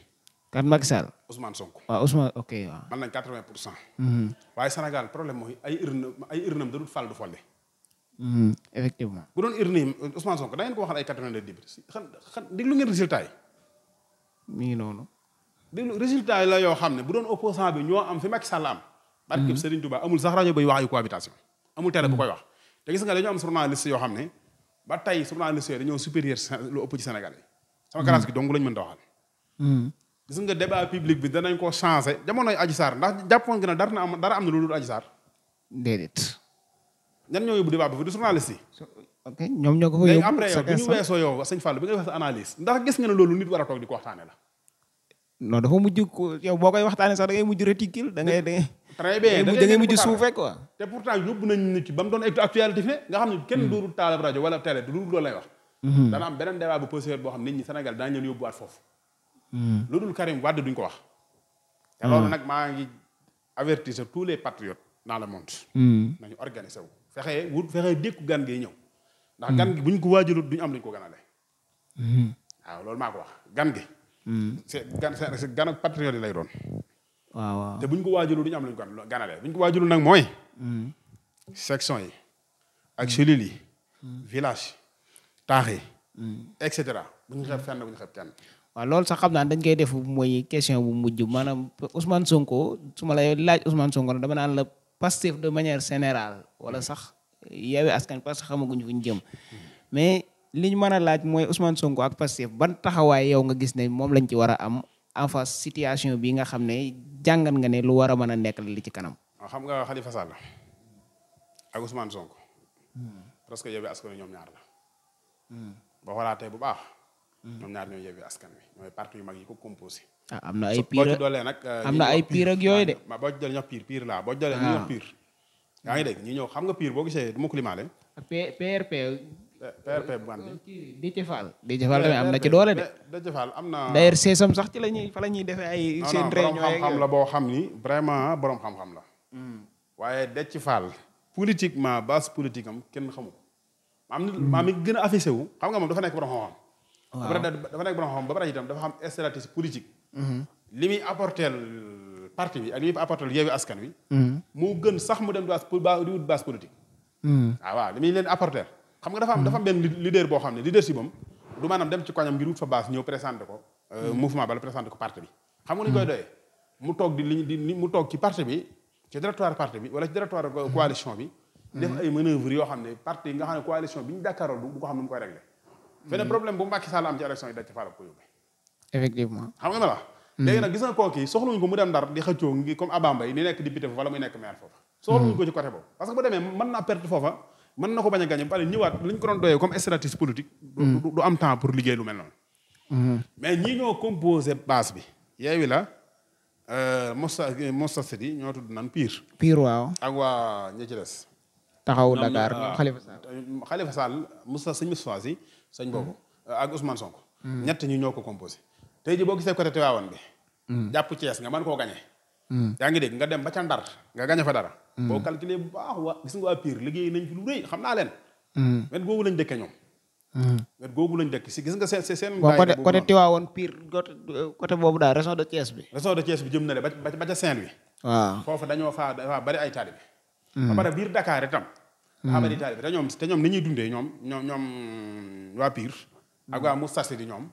Speaker 1: kan Macky Sall. Ousmane Sonko. waaw Ousmane ok waaw.
Speaker 2: mën nañ quatre vingt pour cent. Mhm. waaye Sénégal problème mooy ay urne ay urne am da dul fal du folli.
Speaker 3: Mhm, effectivement.
Speaker 2: bu doon urne yi Ousmane Sonko da ngeen ko waxal ay quatre vingt deux dix xam xam déglu ngeen résultat yi. mi ngi noonu. déglu résultat yi la yoo xam ne bu doon opposant bi ñoo am fi Macky Sall am. barke mhm. Serigne Touba amul sax rajo bay wax ay cohabitation amul télé bu koy wax. te gis nga dañoo am journaliste yoo xam ne ba tey journaliste yooyu dañoo supérieur lu ëpp ci Sénégal yi. sama classe gi dong lañ mën a waxal. gis nga débat public bi danañ ko changé jamonoy Adji Sarr ndax jàppoon ne dara na am dara am na lu dul Adji Sarr. déedéet. ñan ñoo bi du journaliste yi. ok gis nga ne loolu nit war a toog di ko waxtaane la. non dafa mujj yow boo koy waxtaane sax da ngay mujj réticule da suufee quoi. te pourtant yóbbu nañ nit ba mu doon actualité fi nga xam ne kenn hmm. duuru taalab rajo wala télé du loolu lay wax. Hmm. dana am beneen débat bu posé boo xam nit ñi Sénégal daañu leen yóbbuwaat foofu Hmm. lu dul Karim Wade duñ ko wax. te loolu hmm. nag maa ngi avertir tous les patriotes dans la monde. Hmm. nañu organiser wu fexe wut fexe dékku gan gi ñëw. ndax gan gi buñ ko waajalut duñ am luñ ko ganale. waaw loolu maa ko wax gan gi. c'est gan c'est gan ak patriote yi lay doon. waaw te buñ ko waajalut duñ am luñ ko ganale buñ ko waajalut nag mooy. section yi ak cellules yi. village taax yi. et cetera buñ xeeb fenn buñ xeeb kenn.
Speaker 1: waaw loolu sax xam naan dañ koy def mooy question bu mujj maanaam Ousmane Sonko suma ma laaj Ousmane Sonko dama naan la Pastef de manière générale wala sax Yewwi Askan parce que xamaguñu fu ñu jëm mais li ñu mën a laaj mooy Ousmane Sonko ak Pastef ban taxawaay yow nga gis ne moom lañ ci war a am en face situation bi nga xam ne jàngat nga ne lu war a mën a nekk li ci kanam.
Speaker 2: xam nga Khalifa Sall ak Ousmane Sonko. Hmm. parce que Yewwi ñoom ñaar la. Hmm. boo xoolee bu baax. ñoom ñaar ñooy Yewwi Askan Wi ñooy parti yu mag yi ko composé. ah am na ay pire boo ci doolee nag. am na ay
Speaker 1: pire ak yooyu de.
Speaker 2: boo ci doolee ñoo boo ci doolee ñoo ah. pire. yaa ngi dégg ñu ñëw xam nga pire boo gisee du ma ko limaale. PRP. PRP bu bandi. Déthié Fall. Déthié Fall am na ci doole de. Déthié Fall am na. d'ailleurs seesam sax ci la ñuy fa la ñuy defee ay. seen réunion borom la boo xam ni vraiment borom xam la. Hmm. waaye Déthié Fall. politiquement base politique am kenn xamu ko. maam mi gën a affiché wu xam nga moom dafa nekk borom xam-xam waaw dafa nekk borom xam ba pare itam dafa xam stratégie politique. Mhm. li muy apporter parti bi ak li muy apporter yeewi askan wi. Mhm. moo gën sax mu dem base di wut base politique. waaw mhm. ah, waaw li muy leen apporter. xam nga dafa am dafa am benn leader boo xam ne leadership am du maanaam dem ci koñam ngir wut fa base ñëw présenté ko. Euh, mouvement bala présenté ko parti bi. xam nga ni koy doyee mu toog di li mu toog ci parti bi ci directoire parti bi wala ci directoire euh, coalition bi. def ay manœuvres yoo beneen problème bu Macky Sall am ci élection yi daj ci faala ko yóbbee effectivement xam nga ma hmm. léegi nag gis nga kooki soxluñu ko mu dem ndar di xëccoo ngi comme abambay di nekk député foofu wala muy nekk maire foofu hmm. soxluñu ko ci côté boobu parce que bu demee mën naa perte foofa mën na ko bañ a gagné ba pare ñëwaat li ñu ko doon doyee comme stratégie politique du hmm. am temps pour liggéey lu mel
Speaker 3: noonu
Speaker 2: mais ñi ñoo composé base bi yeewi la euh, Mosta Mosta City ñoo tudd nan Pire. Pire waaw. sëñ boobu mm-hmm. euh, ak Ousmane Sonko. Mm-hmm. ñett ñu ñoo ko composé. te ji boo gisee côté Tivaouane bi. Mm-hmm. jàpp Thiès nga mën koo gañe. yaa ngi dégg nga dem ba ca Ndar nga gañe fa dara. boo calculer bu baax wa gis nga waa Pire liggéey nañ fi lu rëy xam naa leen. wet googu lañ dëkkee ñoom. wet googu lañ dëkk si gis nga seen seen. waaw côté côté Tivaouane Pire côté boobu daal région de Thiès bi. région de Thiès bi jëm na le ba ca ba ca Saint-Louis. foofu dañoo faa bari ay taalibe. ba pare biir dakaar itam. Hmm. abadi taalibe te ñoom te ñoom ni ñuy dundee ñoom ñoom ñoom hmm, waa Pire. ak hmm. waa Moustarchidine ñoom.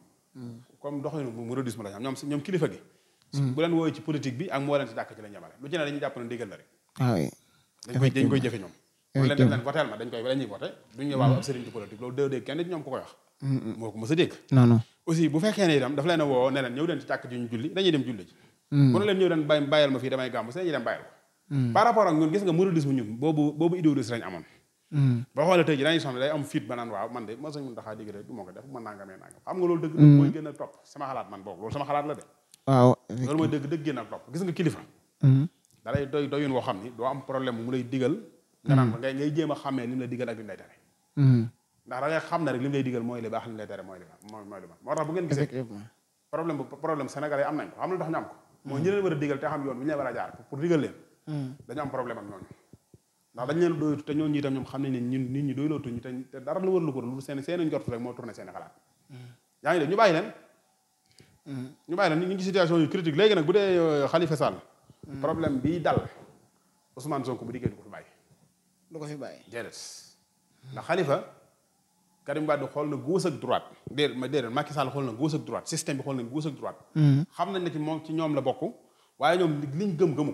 Speaker 2: comme doxalinu mouridisme la ñoom ñoom kilifa bu leen ci a dégg. ñu julli dañuy dem julli ji. bu ne leen ñëw leen bàyyil ma fii damay gàmm seen ñu dem bàyyil
Speaker 3: ko. par
Speaker 2: rapport ak ñun gis nga mouridisme ñun boobu boobu idéologie lañ amoon Mm. boo xoolee tey ji dañuy sonn day am fit ba naan waaw man de ma sañ mun taxaa digg rek du ma ko def ma nga loolu dëgg mm. a topp sama xalaat mm. woo xam ni doo am problème mu lay digal nga naan ngay ngay jéem a xàmmee li mu lay digal ak li da xam ne rek li mu lay digal mooy li baax li mu lay moo tax bu ngeen gisee problème bu problème sénégalais am nañ ko xam na tax ñu am ko mooy ñi leen war a digal te xam yoon bi ñu leen war a jaar pour digal leen dañu am problème ak ñooñu ndax dañ leen doyatu te ñooñu itam ñoom xam nañ ne ñun nit ñi doylootuñu te dara lu wër lu ko lu seen seen njort rek moo tourné seen xalaat mm. yaa ngi dégg ñu bàyyi leen mm. ñu bàyyi leen ñu ngi ci situation yu critique léegi euh, mm. bi dal Ousmane Sonko bu dikkee du ko fi bàyyi du ko fi bàyyi déedéet ndax xalifa Karim Wade xool na gauche ak droite déedéet ma déedéet Macky Sall xool na gauche ak droite système bi xool na gauche ak droite xam nañ ne ci moom ci ñoom la bokk waaye ñoom liñ gëm-gëmu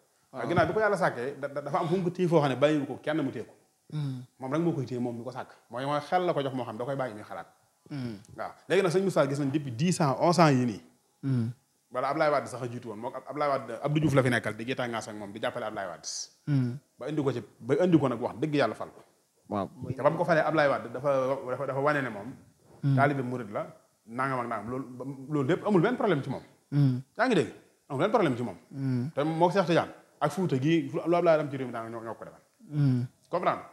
Speaker 2: waaw ginnaaw la ko yàlla sàkkee dafa ne bàyyiwu ko kenn mu téye ko hmm. moom rek moo koy téye moom mi ko la ko jox moo xam hmm. hmm. a jiitu la fi nekkal di gétaa ngaas ak moom di jàppale
Speaker 3: ko
Speaker 2: ci ba indi ko nag wax dëgg yàlla fal ko waaw te ba mu ko falee Ablaye Wade dafa dafa wane ne moom taalibe murid la nangam ak nangam loolu loolu lépp amul benn problème ci moom yaa ngi dégg amul benn problème ci moom moo ko Seex Tijaan ak Fuuta gii lu laa Wade am ci réew mi daanaka ñoo ko defal. Mm. comprendre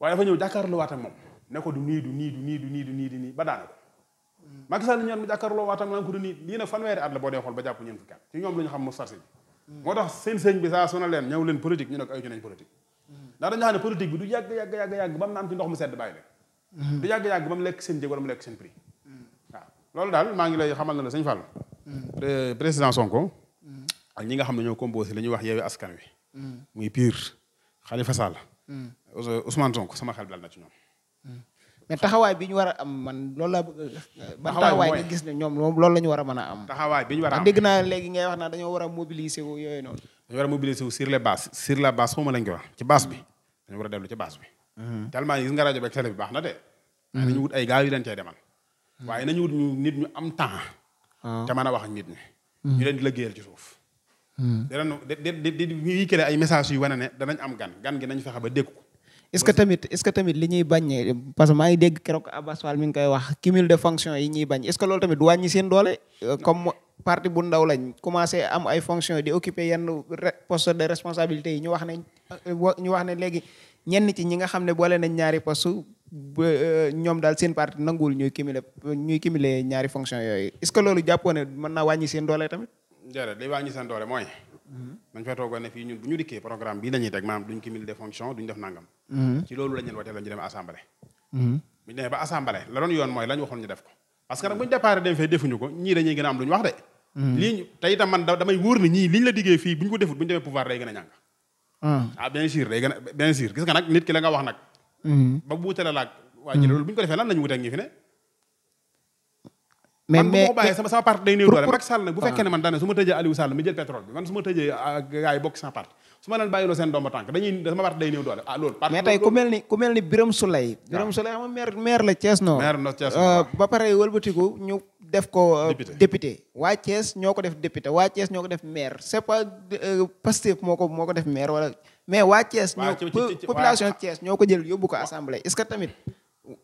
Speaker 2: waaye dafa ñëw jàkkaarloowaat ak moom ne ko du nii du nii du nii du nii du nii du nii ba daanaka. Mm. Macky Sall ñaan mu jàkkaarloowaat ak moom ko du nii lii nag fanweeri at la boo dee xool ba jàpp ñeent fukki at ñu xam mu sarsi bi. Mm. bi saa su na leen ñëw leen politique ñu ne ko ay ñu nañ yàgg yàgg yàgg yàgg ba mu naan ci ndox mu sedd bàyyi leen. du yàgg yàgg ba mu lekk seen jég wala mu lekk seen prix. loolu daal maa ngi lay xamal na la sëñ Fall président Sonko ak ñi nga xam ne ñoo composé li ñuy wax yeewi askan wi. Mm. muy pire Khalifa Sall. Mm. Ousmane Sonko sama xel dal na ci ñoom.
Speaker 3: Mm.
Speaker 1: mais taxawaay bi ñu war a am man loolu laa bëgg ba taxawaay nga gis ne ñoom loolu la ñu war a mën
Speaker 2: a am. taxawaay bi ñu war a am dégg naa léegi ngay wax naa dañoo war a mobiliser wu yooyu noonu. dañoo war a mobiliser wu sur les bases sur la base xawma lañ koy wax ci base bi dañoo war a dellu ci base bi. Mm-hmm. tellement gis nga rajo beeg télé bi baax na de. Mm-hmm. nañu wut ay gars yu leen cay demal. Mm-hmm. waaye nañu wut ñu nit ñu am temps. Ah. te mën a wax ak nit ñi. ñu leen di liggéeyal ci suuf. danañu di di ay message yu wane ne danañ am gan gan gi nañ fexe ba dégg ko. est-ce que
Speaker 1: tamit est-ce que tamit li ñuy baññee parce que maa ngi dégg keroog Abass Fall koy wax cumul de fonction yi ñuy bañ est-ce que loolu tamit du wàññi seen doole. Euh, comme parti bu ndaw lañ commencé am ay fonction di occuper yenn post de responsabilité yi ñu wax ne ñu wax ne léegi ñenn ci ñi nga xam ne boole nañ ñaari poste euh, ñoom daal seen parti nanguwul ñuy cumuler ñuy cumuler ñaari fonction yooyu est que loolu jàppoo mën naa wàññi seen doole
Speaker 2: jërëjëf li wàññi seen doole mooy. dañ fa toogoon ne fii ñun bu ñu dikkee programme bii la teg maanaam duñ cumul des fonctions duñ def nangam. Mm-hmm. ci loolu la ñu leen wootee mm-hmm. def ko. parce que nag bu dem fee defuñu ko ñii dañuy gën a am lu wax de. Mm-hmm. lii ñu te man damay wóor ne ñii liñ la diggee fii bu ko defut bu demee pouvoir day gën a ñàng. ah bien sûr day gën a nag nit ki la wax nag. ba bu wutale laag. waa ji loolu bu ko defee lan la mais mais man sama sama parti day néew ne man daanaka su ma tëjee Aliou Sall mi jël pétrole bi man su ma tëjee euh, euh, gars yi bokk sama parti su ma leen bàyyiloo ah,
Speaker 1: euh, ko. député waa Thiès ñoo ko def député waa Thiès ñoo ko def maire c'est ko moo ko def maire wala mais waa Thiès. waa ci population Thiès ñoo ko jël yóbbu ko assemblée est-ce que tamit.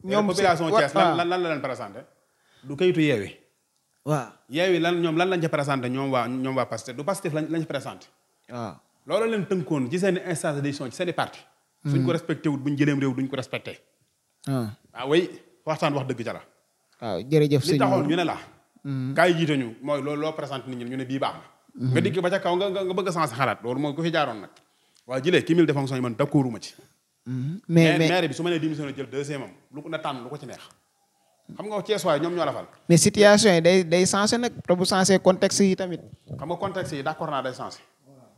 Speaker 2: ñoom population Thiès lan lan la leen présenté du kayitu yeewi. waaw yeewi lan ñoom lan lañ ca présenté ñoom waa ñoom waa Pastef du Pastef lañ lañ ca présenté. waaw loolu leen tënkoon ci seen instance de décision ci seen i parti. Hmm. suñ ko respecté wut buñ jëleem réew duñ ko respecté. waaw ah. ah, way waxtaan wax dëgg ca la. waaw ah, jërëjëf sëñ ñu ne la. kaay hmm. jiite ñu mooy loolu loo ñu ne bii baax na. Hmm. nga dikk ba nga nga bëgg a sensé loolu mooy ku fi jaaroon nag. waa jëlee ki mille de fonction yi man d'accorduma ci. mais mais maire bi su ma nee démission jël deuxième am lu ko na tànn lu ko ci neex. xam nga Cees waay ñoom ñoo la fal.
Speaker 1: mais situation yi day day changé nag te bu yi tamit.
Speaker 2: xam nga contexte yi d'accord naa day changé.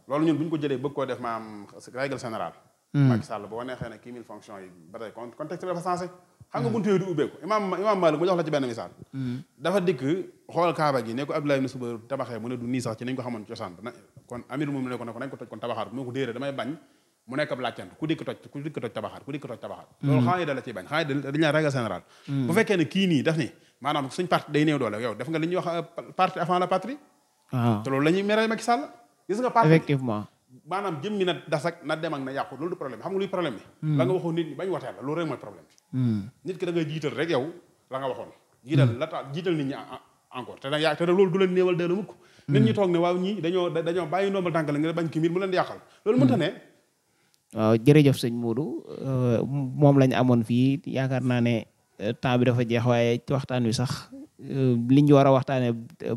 Speaker 2: loolu ñun bu ñu ko jëlee bëgg ko def maanaam règle générale. Hmm. Macky Sall boo neexee ne kii mille fonction yi ba tey contexte bi dafa changé. xam nga buntu yooyu du ubbeeku imaam imaam Malick mu jox la ci benn misaal. Hmm. dafa dikk xool Kaaba gi ne ko Abdoulaye ibn Subayr tabaxee mu ne du nii sax ci ne ko ne ko nañ kon damay bañ mu nekk ab laajtant ku dikk toj ku dikk toj tabaxaat ku dikk toj tabaxaat mm-hmm. loolu xam nga da la ciy bañ xam nga dañu ragal général mm-hmm. bu fekkee ne kii nii daf ni maanaam suñ parti day néew doole yow def nga li ñuy wax euh,
Speaker 1: ah.
Speaker 2: maanaam jëmmi na na dem na yàqu loolu du problème xam nga luy mm. nga waxoon nit ñi bañ watee mm. ki da nga jiital rek yow la nga waxoon jiital mm. la tax jiital nit ñi encore te nag loolu du leen néewal dara mukk nit ñi toog ne waaw ñii dañoo dañoo bàyyi ndombal tànk la nga bañ ki mu leen di yàqal loolu mënta ne
Speaker 1: waaw jërëjëf sëñ Modou moom lañ amoon fii yaakaar naa ne temps bi dafa jeex waaye ci waxtaan wi sax liñ war a waxtaanee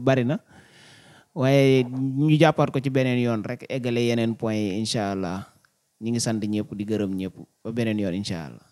Speaker 1: bari na waaye ñu jàppaat ko ci beneen yoon rek eggale yeneen point yi incha
Speaker 3: allah ñu ngi sant ñëpp di gërëm ñëpp ba beneen yoon incha allah.